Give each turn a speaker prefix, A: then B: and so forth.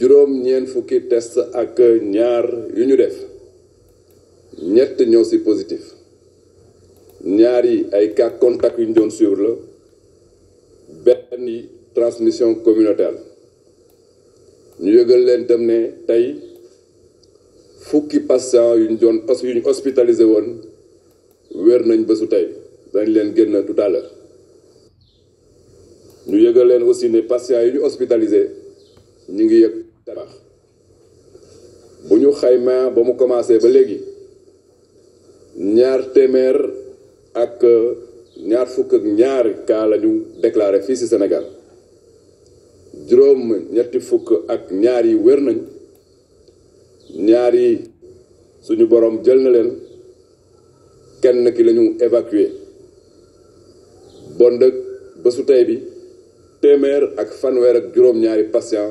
A: juróom-ñeent fukki test ak ñaar yu ñu def ñett ñoo ci positif ñaar yi ay cas contact yu ñu doon suivre la benn yi transmission communautaire ñu yëgal leen tam ne tey fukki patient yuñ ñu doon yu ñu hospitalisé woon wér nañ bésu tey dañ leen génn tout à ñu yëgal leen aussi ni patients yi ñu hospitalisé ñu ngi yëg tabax bu ñu xaymaa ba mu commencé ba léegi ñaar téeméer ak ñaar fukk ak ñaari cas la ñu déclaré fii ci senegal juróom ñetti fukk ak ñaar yi wér nañ ñaar yi suñu boroom jël na leen kenn ki lañu ñu évacué bon dëkk tey bi téeméer ak fanweer ak juróom-ñaari patient